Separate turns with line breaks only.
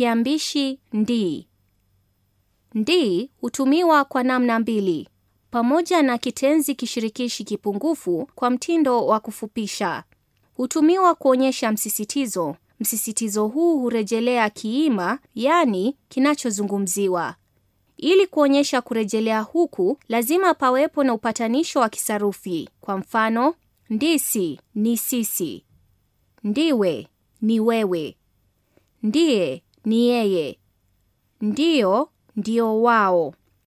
Kiambishi ndi. Ndi hutumiwa kwa namna mbili, pamoja na kitenzi kishirikishi kipungufu kwa mtindo wa kufupisha. Hutumiwa kuonyesha msisitizo. Msisitizo huu hurejelea kiima, yaani kinachozungumziwa. Ili kuonyesha kurejelea huku, lazima pawepo na upatanisho wa kisarufi. Kwa mfano, ndisi ni sisi, ndiwe ni wewe, ndiye
ni yeye. Ndiyo, ndio wao.